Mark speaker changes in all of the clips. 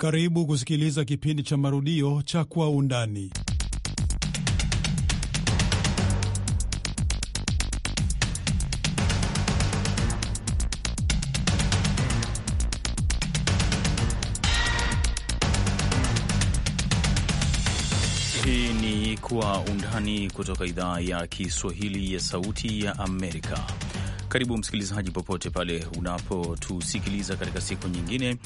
Speaker 1: Karibu kusikiliza kipindi cha marudio cha Kwa Undani. Hii ni Kwa Undani kutoka idhaa ya Kiswahili ya Sauti ya Amerika. Karibu msikilizaji, popote pale unapotusikiliza katika siku nyingine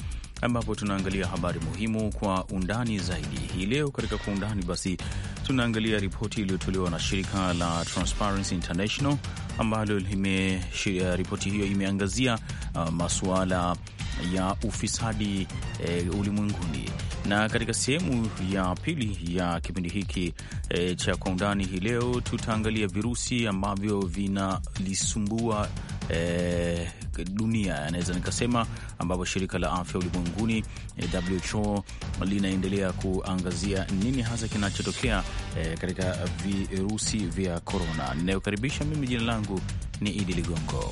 Speaker 1: ambapo tunaangalia habari muhimu kwa undani zaidi. Hii leo katika kwa undani, basi tunaangalia ripoti iliyotolewa na shirika la Transparency International ambalo eh, ripoti hiyo imeangazia uh, masuala ya ufisadi eh, ulimwenguni na katika sehemu ya pili ya kipindi hiki e, cha kwa undani hii leo tutaangalia virusi ambavyo vinalisumbua e, dunia anaweza nikasema, ambapo shirika la afya ulimwenguni e, WHO linaendelea kuangazia nini hasa kinachotokea e, katika virusi vya korona. Ninayokaribisha mimi, jina langu ni Idi Ligongo.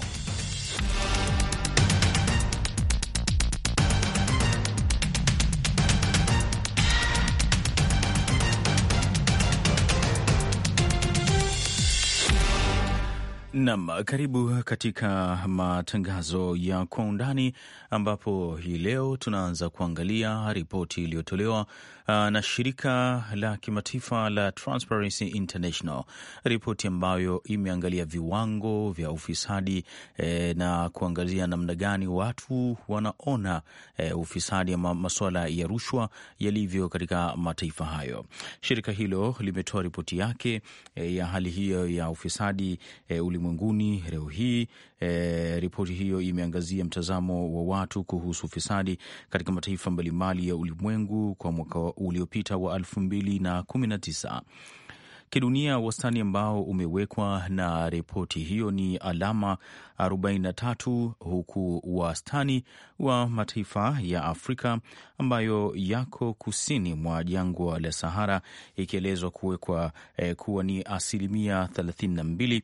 Speaker 1: Nam, karibu katika matangazo ya kwa undani, ambapo hii leo tunaanza kuangalia ripoti iliyotolewa uh, na shirika la kimataifa la Transparency International, ripoti ambayo imeangalia viwango vya ufisadi e, na kuangalia namna gani watu wanaona e, ufisadi ama masuala ya rushwa yalivyo katika mataifa hayo. Shirika hilo limetoa ripoti yake e, ya hali hiyo ya ufisadi e, ulimwengu ulimwenguni leo hii. E, ripoti hiyo imeangazia mtazamo wa watu kuhusu ufisadi katika mataifa mbalimbali ya ulimwengu kwa mwaka uliopita wa elfu kidunia wastani ambao umewekwa na ripoti hiyo ni alama 43 huku wastani wa mataifa ya Afrika ambayo yako kusini mwa jangwa la Sahara ikielezwa kuwekwa eh, kuwa ni asilimia 32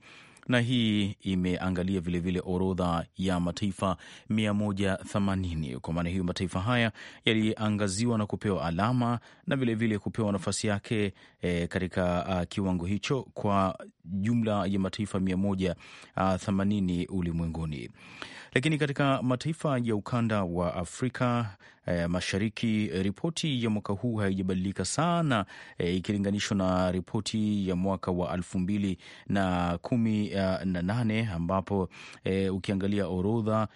Speaker 1: na hii imeangalia vilevile orodha ya mataifa 180. Kwa maana hiyo mataifa haya yaliangaziwa na kupewa alama na vilevile vile kupewa nafasi yake e, katika a, ah, kiwango hicho kwa jumla ya mataifa 180 ah, ulimwenguni. Lakini katika mataifa ya ukanda wa Afrika e, Mashariki. Eh, ripoti ya mwaka huu haijabadilika sana e, ikilinganishwa na ripoti ya mwaka wa elfu mbili na kumi na nane ambapo e, ukiangalia orodha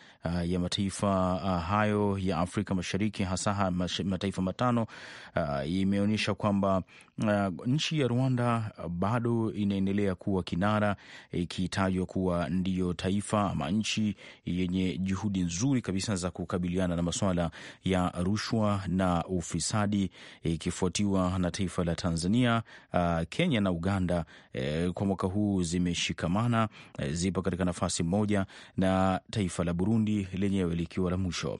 Speaker 1: ya mataifa a, hayo ya Afrika Mashariki hasa mataifa matano a, imeonyesha kwamba uh, nchi ya Rwanda uh, bado inaendelea kuwa kinara ikitajwa kuwa ndiyo taifa ama nchi yenye juhudi nzuri kabisa za kukabiliana na masuala ya rushwa na ufisadi ikifuatiwa na taifa la Tanzania, uh, Kenya na Uganda e, kwa mwaka huu zimeshikamana e, zipo katika nafasi moja na taifa la Burundi lenyewe likiwa la mwisho.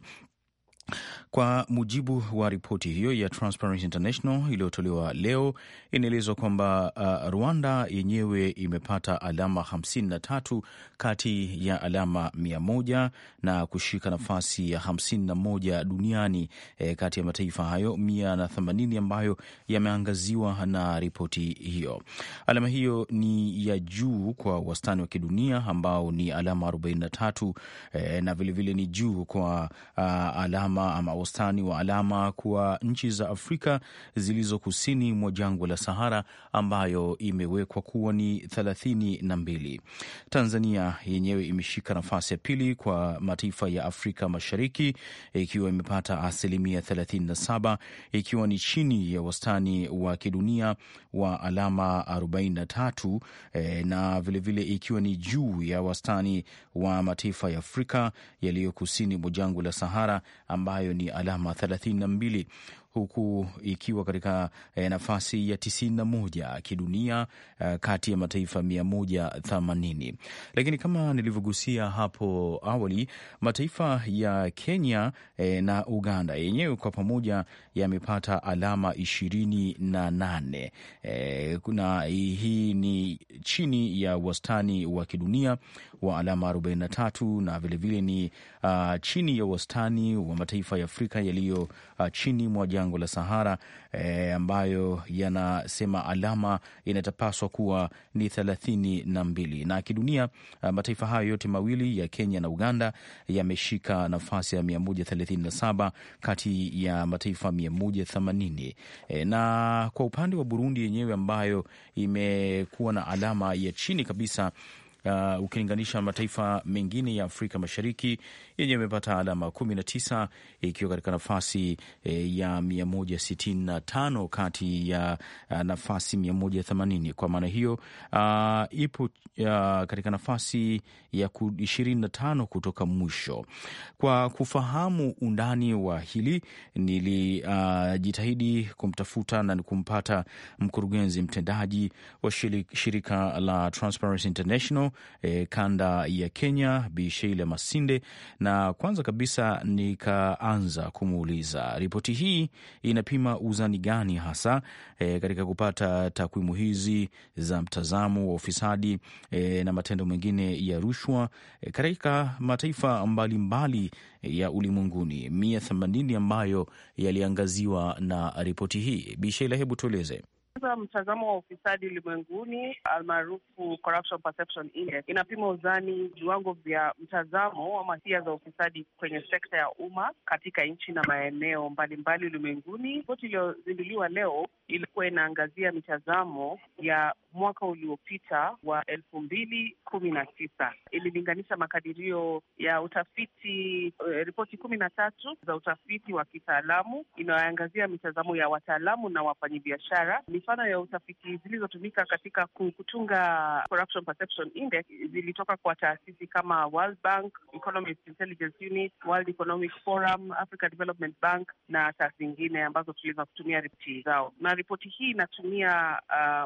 Speaker 1: Kwa mujibu wa ripoti hiyo ya Transparency International iliyotolewa leo, inaelezwa kwamba uh, Rwanda yenyewe imepata alama 53 kati ya alama 100 na kushika nafasi ya 51 duniani eh, kati ya mataifa hayo 180 ambayo yameangaziwa na ripoti hiyo. Alama hiyo ni ya juu kwa wastani wa kidunia ambao ni alama 43, eh, na vilevile vile ni juu kwa uh, alama alama ama wastani wa alama kwa nchi za Afrika zilizo kusini mwa jangwa la Sahara ambayo imewekwa kuwa ni thelathini na mbili. Tanzania yenyewe imeshika nafasi ya pili kwa mataifa ya Afrika Mashariki ikiwa imepata asilimia 37 ikiwa ni chini ya wastani wa kidunia wa alama 43 e, na vilevile vile ikiwa ni juu ya wastani wa mataifa ya Afrika yaliyo kusini mwa jangwa la Sahara ambayo ni alama 32 huku ikiwa katika eh, nafasi ya 91 kidunia eh, kati ya mataifa 180. Lakini kama nilivyogusia hapo awali, mataifa ya Kenya eh, na Uganda yenyewe kwa pamoja yamepata alama 28 na hii ni chini ya wastani wa kidunia wa alama 43 na vilevile ni uh, chini ya wastani wa mataifa ya Afrika yaliyo uh, chini mwa jangwa la Sahara eh, ambayo yanasema alama inatapaswa kuwa ni 32. Na kidunia uh, mataifa hayo yote mawili ya Kenya na Uganda yameshika nafasi ya 137 kati ya mataifa 180. eh, na kwa upande wa Burundi yenyewe ambayo imekuwa na alama ya chini kabisa uh, ukilinganisha mataifa mengine ya Afrika Mashariki yenyewe imepata alama 19 ikiwa katika nafasi e, ya 165 kati ya nafasi 180. Kwa maana hiyo uh, ipo uh, katika nafasi ya 25 kutoka mwisho. Kwa kufahamu undani wa hili nilijitahidi uh, kumtafuta na kumpata mkurugenzi mtendaji wa shirika la Transparency International eh, kanda ya Kenya, Bi Sheila Masinde na kwanza kabisa nikaanza kumuuliza ripoti hii inapima uzani gani hasa e, katika kupata takwimu hizi za mtazamo wa ufisadi e, na matendo mengine ya rushwa e, katika mataifa mbalimbali mbali ya ulimwenguni mia themanini ambayo yaliangaziwa na ripoti hii. bisheila hebu
Speaker 2: tueleze. Sasa mtazamo wa ufisadi ulimwenguni almaarufu Corruption Perception Index inapima uzani viwango vya mtazamo ama hisia za ufisadi kwenye sekta ya umma katika nchi na maeneo mbalimbali ulimwenguni. Ripoti iliyozinduliwa leo ilikuwa inaangazia mitazamo ya mwaka uliopita wa elfu mbili kumi na tisa. Ililinganisha makadirio ya utafiti uh, ripoti kumi na tatu za utafiti wa kitaalamu inayoangazia mitazamo ya wataalamu na wafanyabiashara mifano ya utafiti zilizotumika katika kutunga Corruption Perception Index zilitoka kwa taasisi kama World Bank, Intelligence Unit, World Economic Forum, Africa Development Bank na taasisi zingine ambazo tuliweza kutumia ripoti zao, na ripoti hii inatumia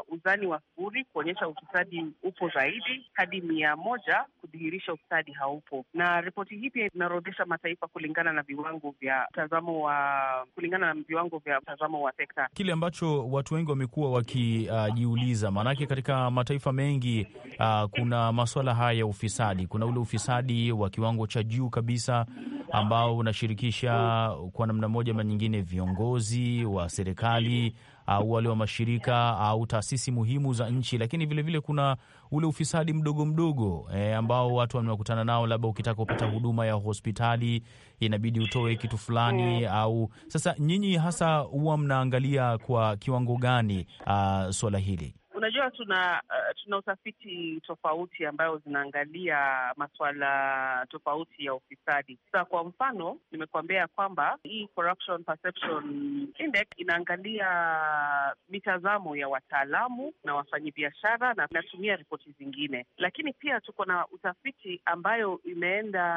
Speaker 2: uh, uzani wa sufuri kuonyesha ufisadi upo zaidi hadi mia moja kudhihirisha ufisadi haupo, na ripoti hii pia inaorodhesha mataifa kulingana na viwango vya mtazamo wa kulingana na viwango vya mtazamo wa sekta,
Speaker 1: kile ambacho watu wengi wame walikuwa wakijiuliza uh, maanake katika mataifa mengi uh, kuna maswala haya ya ufisadi. Kuna ule ufisadi wa kiwango cha juu kabisa ambao unashirikisha kwa namna moja ama nyingine viongozi wa serikali au wale wa mashirika au taasisi muhimu za nchi, lakini vilevile vile kuna ule ufisadi mdogo mdogo e, ambao watu wamekutana nao, labda ukitaka kupata huduma ya hospitali inabidi utoe kitu fulani au sasa, nyinyi hasa huwa mnaangalia kwa kiwango gani uh, ah, suala hili?
Speaker 2: Unajua, tuna uh, tuna utafiti tofauti ambayo zinaangalia masuala tofauti ya ufisadi. Sasa kwa mfano, nimekuambia kwamba hii Corruption Perception Index inaangalia mitazamo ya wataalamu na wafanyibiashara na inatumia ripoti zingine, lakini pia tuko na utafiti ambayo imeenda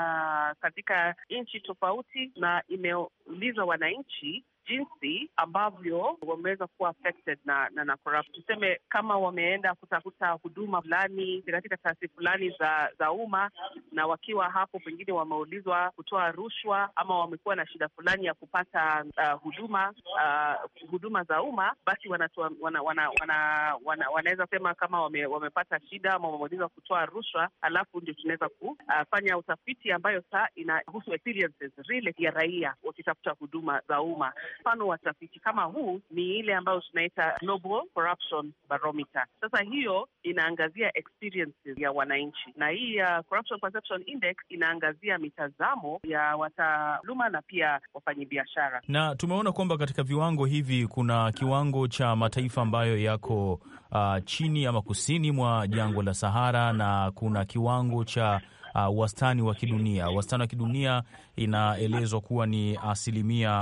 Speaker 2: katika nchi tofauti na imeuliza wananchi jinsi ambavyo wameweza kuwa affected na, na, na corrupt. Tuseme kama wameenda kutafuta huduma fulani katika taasisi fulani za za umma, na wakiwa hapo pengine wameulizwa kutoa rushwa ama wamekuwa na shida fulani ya kupata uh, huduma uh, huduma za umma, basi wanaweza wana, wana, wana, wana, wana sema kama wame, wamepata shida ama wameulizwa kutoa rushwa, alafu ndio tunaweza kufanya uh, utafiti ambayo saa inahusu experiences ya raia wakitafuta huduma za umma. Mfano wa tafiti kama huu ni ile ambayo tunaita Global Corruption Barometer. Sasa hiyo inaangazia experiences ya wananchi, na hii ya Corruption Perception Index inaangazia mitazamo ya wataaluma na pia wafanyabiashara,
Speaker 1: na tumeona kwamba katika viwango hivi kuna kiwango cha mataifa ambayo yako uh, chini ama kusini mwa jangwa la Sahara na kuna kiwango cha uh, wastani wa kidunia. Wastani wa kidunia inaelezwa kuwa ni asilimia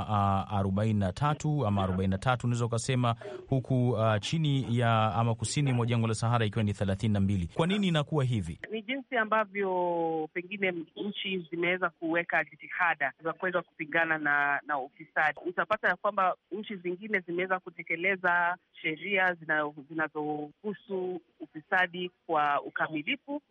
Speaker 1: uh, 43 ama 43 unaweza ukasema, huku uh, chini ya ama kusini mwa jangwa la Sahara ikiwa ni 32. Kwa nini inakuwa hivi?
Speaker 2: Ni jinsi ambavyo pengine nchi zimeweza kuweka jitihada za kuweza kupigana na, na ufisadi. Utapata ya kwamba nchi zingine zimeweza kutekeleza sheria zinazohusu ufisadi kwa ukamilifu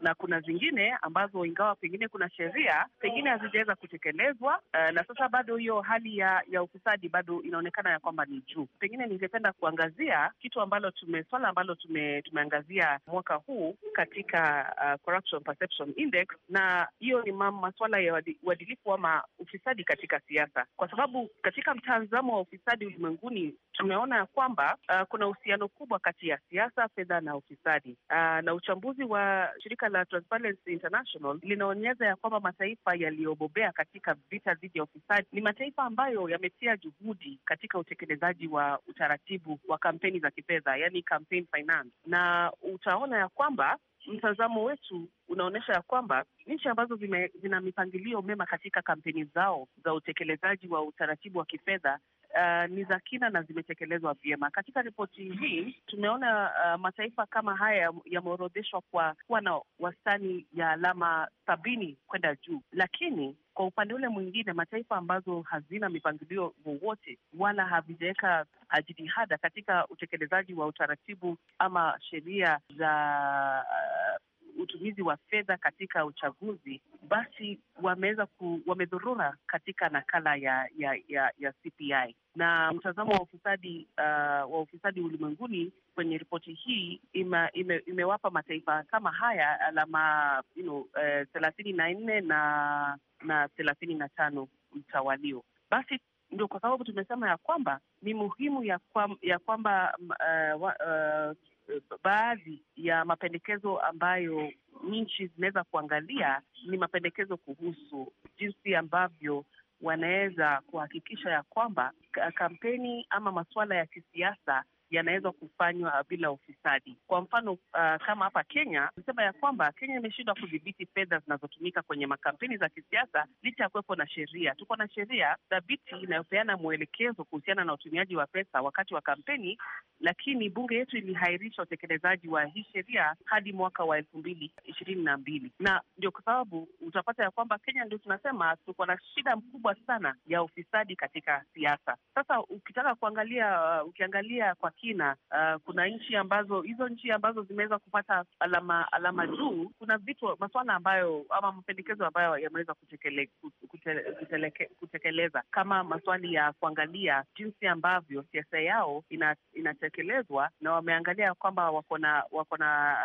Speaker 2: na kuna zingine ambazo ingawa pengine kuna sheria pengine hazijaweza kutekelezwa, uh, na sasa bado hiyo hali ya, ya ufisadi bado inaonekana ya kwamba ni juu. Pengine ningependa kuangazia kitu ambalo tume swala ambalo tume, tumeangazia mwaka huu katika uh, Corruption Perception Index, na hiyo ni maswala ya uadilifu ama ufisadi katika siasa, kwa sababu katika mtazamo wa ufisadi ulimwenguni tumeona ya kwamba uh, kuna uhusiano kubwa kati ya siasa, fedha na ufisadi uh, na uchambuzi wa shirika la Transparency International linaonyesha ya kwamba mataifa yaliyobobea katika vita dhidi ya ufisadi ni mataifa ambayo yametia juhudi katika utekelezaji wa utaratibu wa kampeni za kifedha, yani campaign finance, na utaona ya kwamba mtazamo wetu unaonyesha ya kwamba nchi ambazo zime, zina mipangilio mema katika kampeni zao za utekelezaji wa utaratibu wa kifedha uh, ni za kina na zimetekelezwa vyema. Katika ripoti hii tumeona uh, mataifa kama haya yameorodheshwa kwa kuwa na wastani ya alama sabini kwenda juu, lakini kwa upande ule mwingine mataifa ambazo hazina mipangilio wowote wala havijaweka jitihada katika utekelezaji wa utaratibu ama sheria za uh, utumizi wa fedha katika uchaguzi, basi wameweza wamedhurura katika nakala ya ya, ya, ya CPI na mtazamo wa ufisadi uh, wa ufisadi ulimwenguni kwenye ripoti hii ima, ime, imewapa mataifa kama haya alama you know, eh, thelathini na nne na na thelathini na tano mtawalio. Basi ndio kwa sababu tumesema ya kwamba ni muhimu ya, kwa, ya kwamba uh, uh, baadhi ya mapendekezo ambayo nchi zinaweza kuangalia ni mapendekezo kuhusu jinsi ambavyo wanaweza kuhakikisha ya kwamba kampeni ama masuala ya kisiasa yanaweza kufanywa bila ufisadi. Kwa mfano uh, kama hapa Kenya nisema ya kwamba Kenya imeshindwa kudhibiti fedha zinazotumika kwenye makampeni za kisiasa licha ya kuwepo na sheria. Tuko na sheria thabiti inayopeana mwelekezo kuhusiana na utumiaji wa pesa wakati wa kampeni, lakini bunge yetu ilihairisha utekelezaji wa hii sheria hadi mwaka wa elfu mbili ishirini na mbili, na ndio kwa sababu utapata ya kwamba Kenya ndio tunasema tuko na shida mkubwa sana ya ufisadi katika siasa. Sasa ukitaka kuangalia, uh, ukiangalia kwa kina. Uh, kuna nchi ambazo hizo nchi ambazo zimeweza kupata alama alama juu, kuna vitu masuala ambayo ama mapendekezo ambayo yameweza kutekele, kutele, kutele, kutekeleza kama maswali ya kuangalia jinsi ambavyo siasa yao ina, inatekelezwa na wameangalia kwamba wako na wako na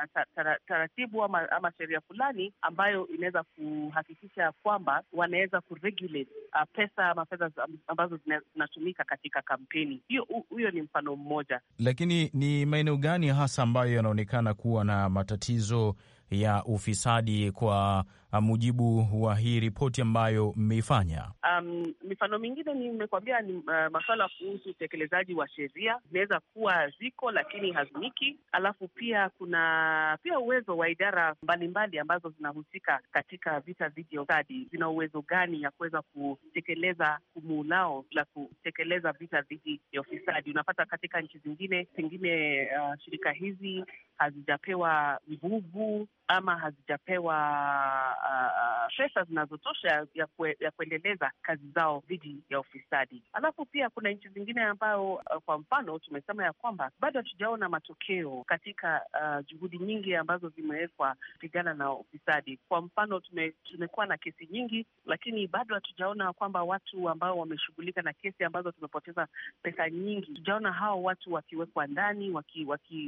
Speaker 2: taratibu ama, ama sheria fulani ambayo inaweza kuhakikisha kwamba wanaweza kuregulate uh, pesa ama fedha ambazo zinatumika katika kampeni hiyo. Huyo ni mfano mmoja,
Speaker 1: lakini ni maeneo gani hasa ambayo yanaonekana kuwa na matatizo ya ufisadi kwa Ah, mujibu wa hii ripoti ambayo mmeifanya?
Speaker 2: Um, mifano mingine nimekuambia ni, ni uh, maswala kuhusu utekelezaji wa sheria zinaweza kuwa ziko lakini hazimiki. Alafu pia kuna pia uwezo wa idara mbalimbali ambazo zinahusika katika vita dhidi ya ufisadi, zina uwezo gani ya kuweza kutekeleza kumu la kutekeleza vita dhidi ya ufisadi. Unapata katika nchi zingine pengine, uh, shirika hizi hazijapewa nguvu ama hazijapewa uh, uh pesa zinazotosha ya, kue, ya kuendeleza kazi zao dhidi ya ufisadi. Alafu pia kuna nchi zingine ambayo uh, kwa mfano tumesema ya kwamba bado hatujaona matokeo katika uh, juhudi nyingi ambazo zimewekwa kupigana na ufisadi. Kwa mfano tume, tumekuwa na kesi nyingi, lakini bado hatujaona kwamba watu ambao wameshughulika na kesi ambazo tumepoteza pesa nyingi, hatujaona hao watu wakiwekwa ndani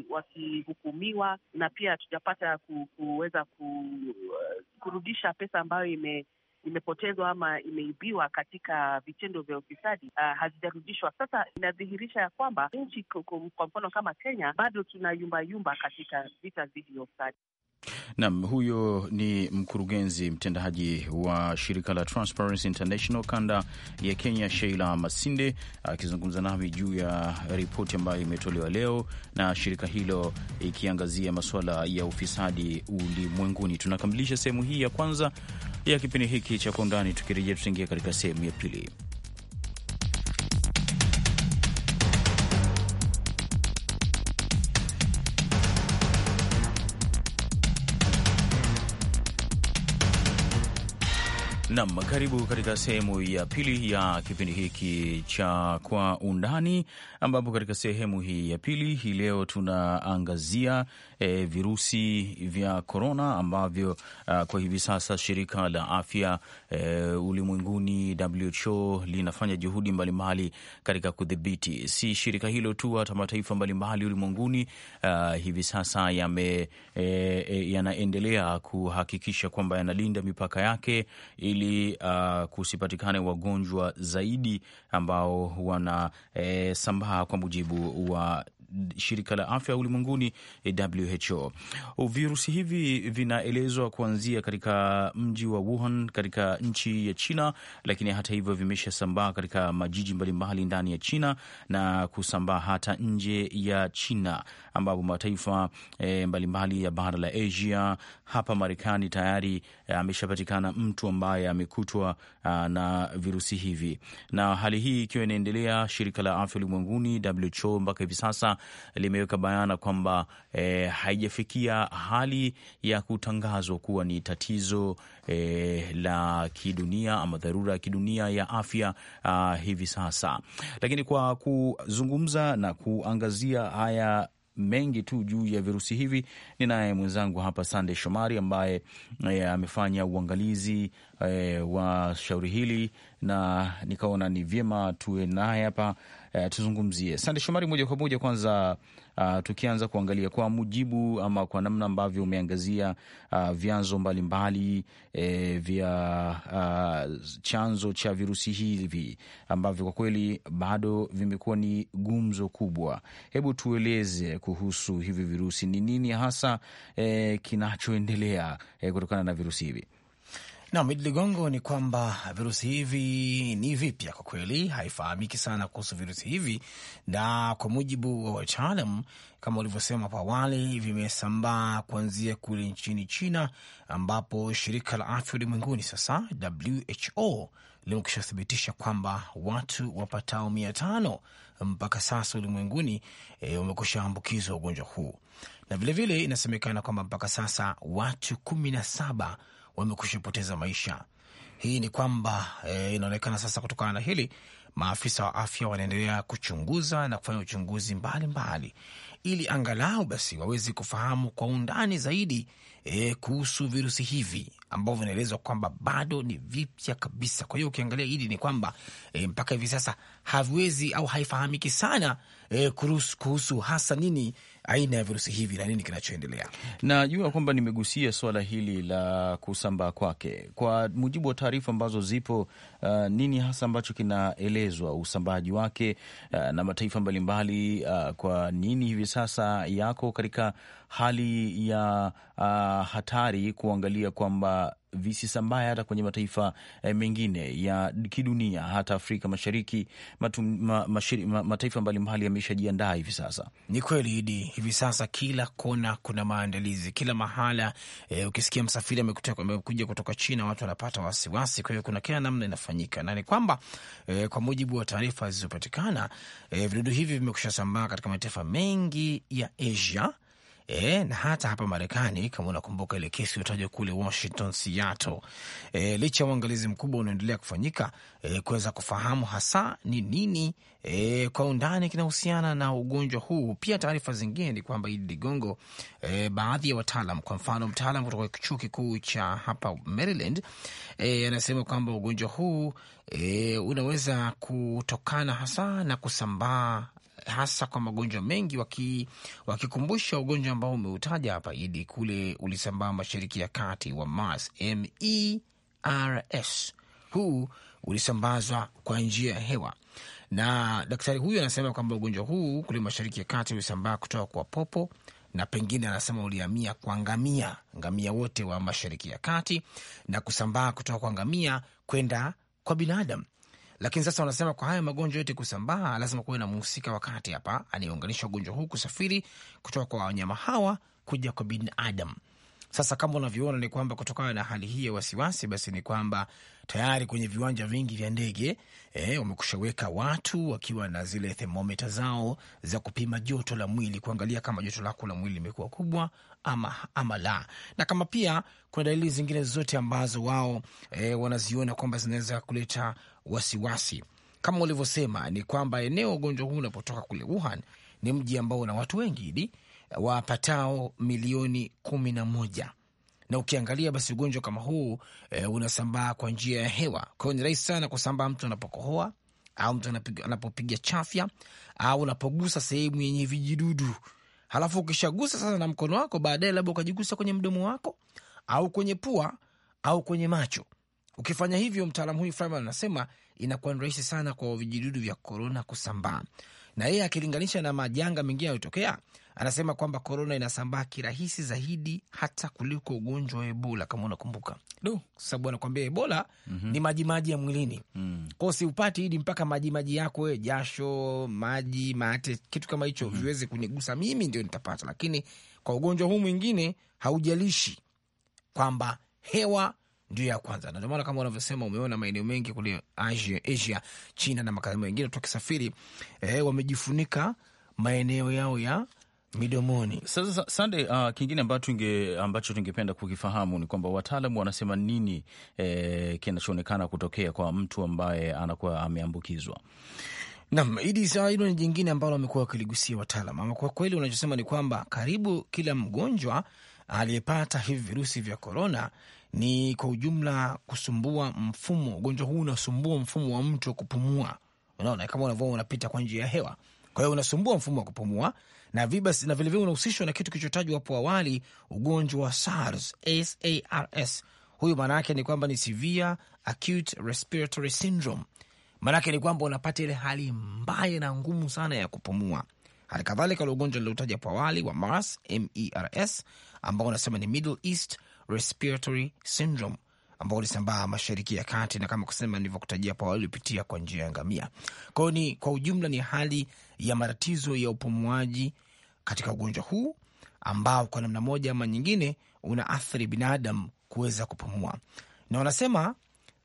Speaker 2: wakihukumiwa waki, waki na pia hatujapata ku, ku kuweza uh, kurudisha pesa ambayo ime imepotezwa ama imeibiwa katika vitendo vya ufisadi uh, hazijarudishwa. Sasa inadhihirisha ya kwamba nchi, kwa mfano kama Kenya, bado tuna yumbayumba katika vita dhidi ya ufisadi.
Speaker 1: Nam, huyo ni mkurugenzi mtendaji wa shirika la Transparency International kanda ya Kenya, Sheila Masinde akizungumza nami juu ya ripoti ambayo imetolewa leo na shirika hilo ikiangazia masuala ya ufisadi ulimwenguni. Tunakamilisha sehemu hii ya kwanza ya kipindi hiki cha Kwa Undani. Tukirejea tutaingia katika sehemu ya pili. Nam, karibu katika sehemu ya pili ya kipindi hiki cha Kwa Undani, ambapo katika sehemu hii ya pili hii leo tunaangazia e, virusi vya korona ambavyo a, kwa hivi sasa shirika la afya e, ulimwenguni WHO linafanya juhudi mbalimbali katika kudhibiti. Si shirika hilo tu, hata mataifa mbalimbali ulimwenguni hivi sasa yame e, e, yanaendelea kuhakikisha kwamba yanalinda mipaka yake ili a, kusipatikane wagonjwa zaidi ambao wanasambaa e, kwa mujibu wa shirika la afya ulimwenguni WHO. Virusi hivi vinaelezwa kuanzia katika mji wa Wuhan katika nchi ya China, lakini hata hivyo vimeshasambaa katika majiji mbalimbali ndani ya China na kusambaa hata nje ya China, ambapo mataifa e, mbalimbali ya bara la Asia. Hapa Marekani tayari eh, ameshapatikana mtu ambaye amekutwa ah, na virusi hivi, na hali hii ikiwa inaendelea, shirika la afya ulimwenguni WHO mpaka hivi sasa limeweka bayana kwamba e, haijafikia hali ya kutangazwa kuwa ni tatizo e, la kidunia ama dharura ya kidunia ya afya a, ah, hivi sasa, lakini kwa kuzungumza na kuangazia haya mengi tu juu ya virusi hivi. Ni naye mwenzangu hapa Sande Shomari ambaye eh, amefanya uangalizi e, wa shauri hili na nikaona ni vyema tuwe naye hapa e, tuzungumzie. Sande Shomari, moja kwa moja kwanza uh, tukianza kuangalia kwa mujibu ama kwa namna ambavyo umeangazia uh, vyanzo mbalimbali e, vya uh, chanzo cha virusi hivi ambavyo kwa kweli bado vimekuwa ni gumzo kubwa. Hebu tueleze kuhusu hivi virusi, ni nini hasa e, kinachoendelea e, kutokana na virusi hivi?
Speaker 3: Nam Idi Ligongo, ni kwamba virusi hivi ni vipya kwa kweli, haifahamiki sana kuhusu virusi hivi, na kwa mujibu wa wataalam kama ulivyosema hapo awali, vimesambaa kuanzia kule nchini China, ambapo shirika la afya ulimwenguni sasa WHO limekwisha thibitisha kwamba watu wapatao mia tano mpaka sasa ulimwenguni e, ambukizwa ugonjwa huu, na vilevile inasemekana kwamba mpaka sasa watu kumi na saba wamekwisha poteza maisha. Hii ni kwamba e, inaonekana sasa, kutokana na hili, maafisa wa afya wanaendelea kuchunguza na kufanya uchunguzi mbalimbali mbali, ili angalau basi waweze kufahamu kwa undani zaidi e, kuhusu virusi hivi ambavyo vinaelezwa kwamba bado ni vipya kabisa. Kwa hiyo ukiangalia hili ni kwamba e, mpaka hivi sasa haviwezi au haifahamiki sana e, kuhusu hasa nini aina ya virusi hivi na nini kinachoendelea.
Speaker 1: Najua kwamba nimegusia swala hili la kusambaa kwake. Kwa mujibu wa taarifa ambazo zipo, uh, nini hasa ambacho kinaelezwa usambaaji wake, uh, na mataifa mbalimbali mbali, uh, kwa nini hivi sasa yako katika hali ya uh, hatari kuangalia kwamba visisambaye hata kwenye mataifa eh, mengine ya kidunia, hata Afrika Mashariki matu, ma, mashiri, ma, mataifa mbalimbali yameshajiandaa hivi sasa.
Speaker 3: Ni kweli idi, hivi sasa kila kona kuna maandalizi kila mahala. Eh, ukisikia msafiri amekuja kutoka China watu wanapata wasiwasi. Kwa hiyo kuna kila namna inafanyika, na ni kwamba eh, kwa mujibu wa taarifa zilizopatikana eh, vidudu hivi vimekusha sambaa katika mataifa mengi ya Asia e, na hata hapa Marekani kama unakumbuka ile kesi iliyotajwa kule Washington Seattle, e, licha ya uangalizi mkubwa unaendelea kufanyika e, kuweza kufahamu hasa ni nini e, kwa undani kinahusiana na ugonjwa huu. Pia taarifa zingine ni kwamba Idi Ligongo, e, baadhi ya wataalam, kwa mfano mtaalam kutoka chuo kikuu cha hapa Maryland anasema e, kwamba ugonjwa huu e, unaweza kutokana hasa na kusambaa hasa kwa magonjwa mengi, wakikumbusha waki ugonjwa ambao umeutaja hapa Idi, kule ulisambaa mashariki ya kati wa MERS, MERS huu ulisambazwa kwa njia ya hewa, na daktari huyu anasema kwamba ugonjwa huu kule mashariki ya kati ulisambaa kutoka kwa popo na pengine anasema ulihamia kwa ngamia, ngamia wote wa mashariki ya kati na kusambaa kutoka kwa ngamia kwenda kwa binadamu. Lakini sasa wanasema kwa haya magonjwa yote kusambaa, lazima kuwe na mhusika wakati hapa anayeunganisha ugonjwa huu kusafiri kutoka kwa wanyama hawa kuja kwa binadamu. Sasa kama unavyoona ni kwamba kutokana na hali hii ya wasiwasi, basi ni kwamba tayari kwenye viwanja vingi vya ndege eh, wamekushaweka watu wakiwa na zile thermometa zao za kupima joto la mwili, kuangalia kama joto lako la mwili limekuwa kubwa ama, ama la, na kama pia kuna dalili zingine zote ambazo wao eh, wanaziona kwamba zinaweza kuleta wasiwasi. Kama ulivyosema ni kwamba eneo ugonjwa huu unapotoka kule Wuhan ni mji ambao una watu wengi hidi, wapatao milioni kumi na moja na ukiangalia basi ugonjwa kama huu e, unasambaa kwa njia ya hewa. Kwa hiyo ni rahisi sana kusambaa mtu anapokohoa au mtu anapopiga chafya au unapogusa sehemu yenye vijidudu, halafu ukishagusa sasa na mkono wako, baadaye labda ukajigusa kwenye mdomo wako au kwenye pua au kwenye macho. Ukifanya hivyo, mtaalamu huyu Fryman anasema inakuwa ni rahisi sana kwa vijidudu vya korona kusambaa, na yeye akilinganisha na majanga mengine yanayotokea Anasema kwamba korona inasambaa kirahisi zaidi hata kuliko ugonjwa wa Ebola, kama unakumbuka. Do, sababu anakuambia Ebola mm -hmm. ni majimaji ya mwilini mm. kwao siupati hidi mpaka majimaji yako we, jasho, maji, mate, kitu kama hicho mm -hmm. viweze kunigusa mimi, ndio nitapata. Lakini kwa ugonjwa huu mwingine haujalishi kwamba hewa ndio ya kwanza, na ndio maana kama unavyosema, umeona maeneo mengi kule Asia, Asia, China na makabila mengine tukisafiri, eh, wamejifunika maeneo yao ya midomoni.
Speaker 1: Sasa Sande, uh, kingine ambacho tunge, ambacho tungependa kukifahamu ni kwamba wataalamu wanasema nini eh, kinachoonekana kutokea kwa mtu ambaye anakuwa ameambukizwa nam idi saa hilo ni jingine ambalo wamekuwa
Speaker 3: wakiligusia wataalam, ama kwa kweli unachosema ni kwamba karibu kila mgonjwa aliyepata hivi virusi vya korona ni kwa ujumla kusumbua mfumo. Ugonjwa huu unasumbua mfumo wa mtu wa kupumua, unaona kama unavyoona unapita kwa njia ya hewa, kwa hiyo unasumbua mfumo wa kupumua, na vibas, na vilevile unahusishwa na kitu kilichotajwa hapo awali, ugonjwa wa SARS, SARS. Huyu maana yake ni kwamba ni severe acute respiratory syndrome, maana yake ni kwamba unapata ile hali mbaya na ngumu sana ya kupumua. Hali kadhalika ule ugonjwa niliotaja hapo awali wa MERS, MERS ambao unasema ni Middle East Respiratory Syndrome ambao ulisambaa mashariki ya kati, na kama kusema nilivyokutajia pa awali, ulipitia kwa njia ya ngamia. Kwa hiyo ni kwa ujumla ni hali ya matatizo ya upumuaji katika ugonjwa huu ambao kwa namna moja ama nyingine una unaathiri binadam kuweza kupumua, na wanasema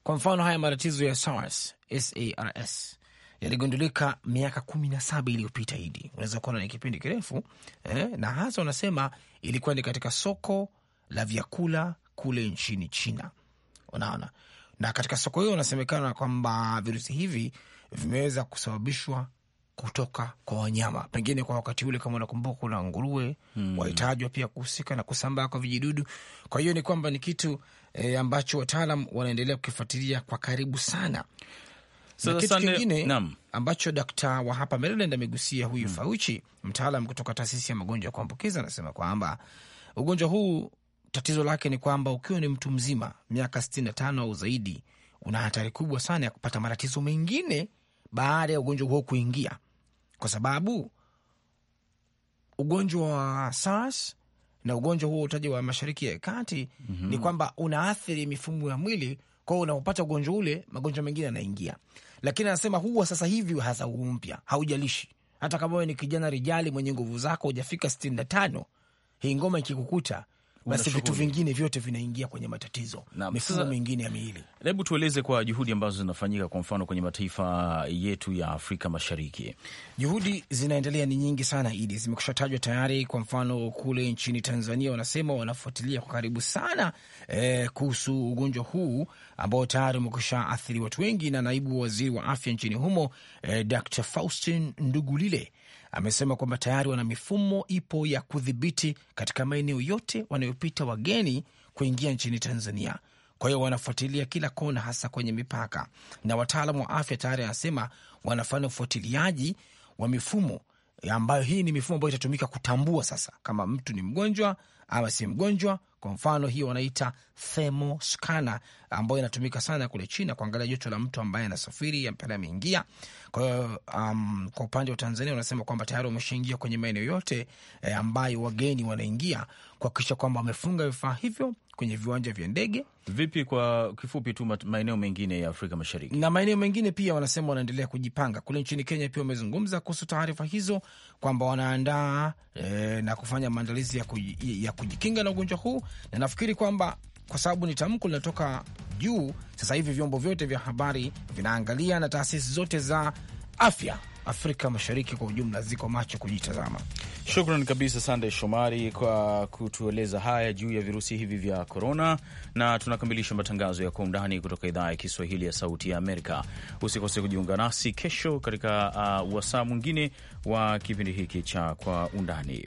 Speaker 3: kwa mfano haya matatizo ya SARS, SARS yaligundulika miaka kumi na saba iliyopita. Hidi unaweza kuona ni kipindi kirefu eh, na hasa wanasema ilikuwa ni katika soko la vyakula kule nchini China unaona. Na katika soko hiyo unasemekana kwamba virusi hivi vimeweza kusababishwa kutoka kwa wanyama, pengine kwa wakati ule, kama unakumbuka, kuna nguruwe hmm, wahitajwa pia kuhusika na kusambaa kwa vijidudu. Kwa hiyo ni kwamba ni kitu e, ambacho wataalam wanaendelea kukifuatilia kwa karibu sana.
Speaker 1: So na kitu kingine
Speaker 3: ambacho dakta wa hapa Maryland amegusia huyu hmm, Fauchi mtaalam kutoka taasisi ya magonjwa ya kuambukiza, anasema kwamba ugonjwa huu tatizo lake ni kwamba ukiwa ni mtu mzima miaka sitini na tano au zaidi, una hatari kubwa sana ya kupata matatizo mengine baada ya ugonjwa huo kuingia, kwa sababu ugonjwa wa SARS na ugonjwa huo utaji wa mashariki ya kati mm -hmm. ni kwamba unaathiri mifumo ya mwili kwao, unapopata ugonjwa ule, magonjwa mengine yanaingia. Lakini anasema huwa sasa hivi hasa huu mpya haujalishi, hata kama wewe ni kijana rijali mwenye nguvu zako, hujafika sitini na tano, hii ngoma ikikukuta basi vitu vingine vyote vinaingia kwenye matatizo, mifumo mingine ya miili.
Speaker 1: Hebu tueleze kwa juhudi ambazo zinafanyika, kwa mfano kwenye mataifa yetu ya Afrika Mashariki.
Speaker 3: Juhudi zinaendelea ni nyingi sana, Idi, zimekusha tajwa tayari. Kwa mfano kule nchini Tanzania wanasema wanafuatilia kwa karibu sana eh, kuhusu ugonjwa huu ambao tayari umekusha athiri watu wengi, na naibu waziri wa afya nchini humo eh, Dr. Faustin Ndugulile amesema kwamba tayari wana mifumo ipo ya kudhibiti katika maeneo yote wanayopita wageni kuingia nchini Tanzania. Kwa hiyo wanafuatilia kila kona, hasa kwenye mipaka, na wataalamu wa afya tayari anasema wanafanya ufuatiliaji wa mifumo ambayo hii ni mifumo ambayo itatumika kutambua sasa kama mtu ni mgonjwa ama si mgonjwa. Kwa mfano hiyo wanaita themoskana ambayo inatumika sana kule China kuangalia joto la mtu ambaye anasafiri mpaka ameingia. Kwa hiyo um, kwa upande wa Tanzania wanasema kwamba tayari wameshaingia kwenye maeneo yote e, ambayo wageni wanaingia kuhakikisha kwamba wamefunga vifaa
Speaker 1: hivyo kwenye viwanja vya ndege. Vipi kwa kifupi tu maeneo mengine ya Afrika Mashariki
Speaker 3: na maeneo mengine pia, wanasema wanaendelea kujipanga. Kule nchini Kenya pia wamezungumza kuhusu taarifa hizo kwamba wanaandaa e, na kufanya maandalizi ya, kuj, ya kujikinga na ugonjwa huu, na nafikiri kwamba kwa sababu ni tamko linatoka juu, sasa hivi vyombo vyote vya habari vinaangalia na taasisi zote za afya Afrika Mashariki kwa ujumla ziko macho
Speaker 1: kujitazama. Shukran kabisa Sandey Shomari kwa kutueleza haya juu ya virusi hivi vya korona, na tunakamilisha matangazo ya Kwa Undani kutoka idhaa ya Kiswahili ya Sauti ya Amerika. Usikose kujiunga nasi kesho katika uh, wasaa mwingine wa kipindi hiki cha Kwa Undani.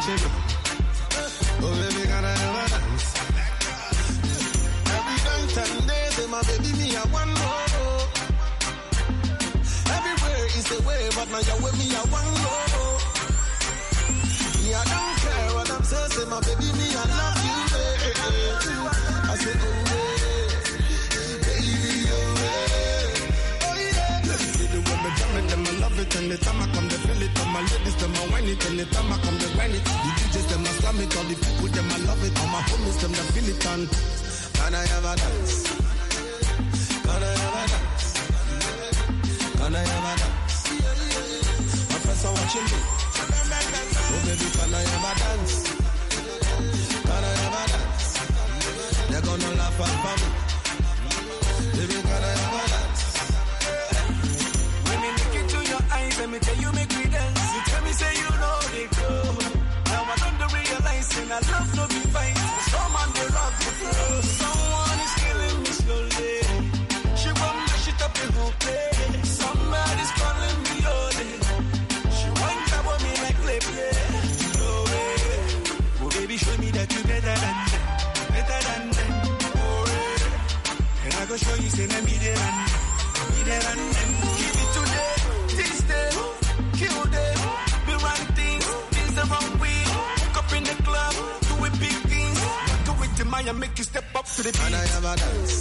Speaker 3: chicken. Oh, baby, gotta have a dance.
Speaker 2: Every night and day, say, my baby, me
Speaker 3: a one more. Everywhere is the way, but now you're with me a one my ladies, them my wine it. Anytime I come, they grind it. The DJs, them my slam it. All the people, them I love it. All my homies, them they feel it. And can I ever dance? Can I ever dance? Can I ever dance? My friends are watching me. Oh baby, can I ever dance? Can I ever dance? They're gonna laugh at me. to the beat. And I have a dance.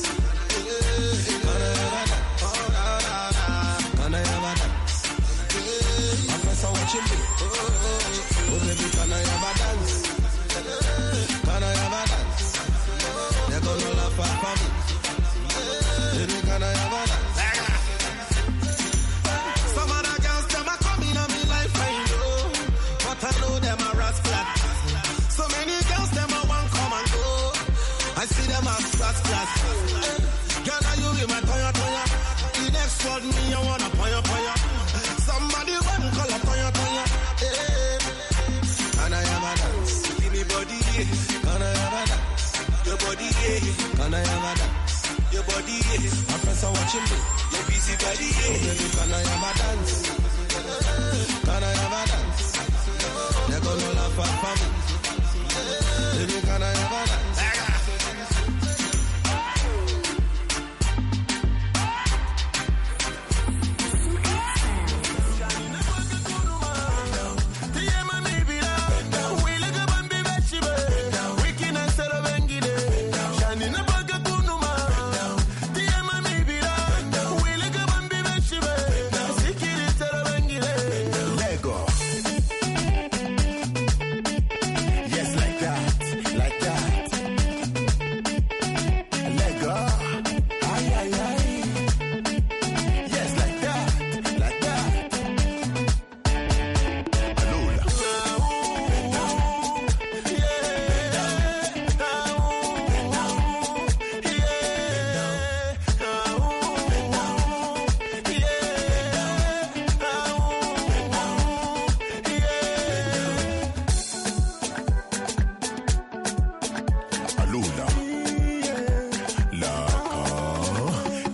Speaker 1: class. Girl, you be my toya toya. The next word me, I wanna Somebody call a toya toya. Can I have a dance? Give me body, can I have a dance? Your body, can I have a dance? Your body, my
Speaker 3: friends are watching me. Your busy body, baby, can I have a dance?
Speaker 2: Can I have a dance? They're gonna laugh at me. Baby, can I have a dance?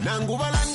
Speaker 2: nangubalanga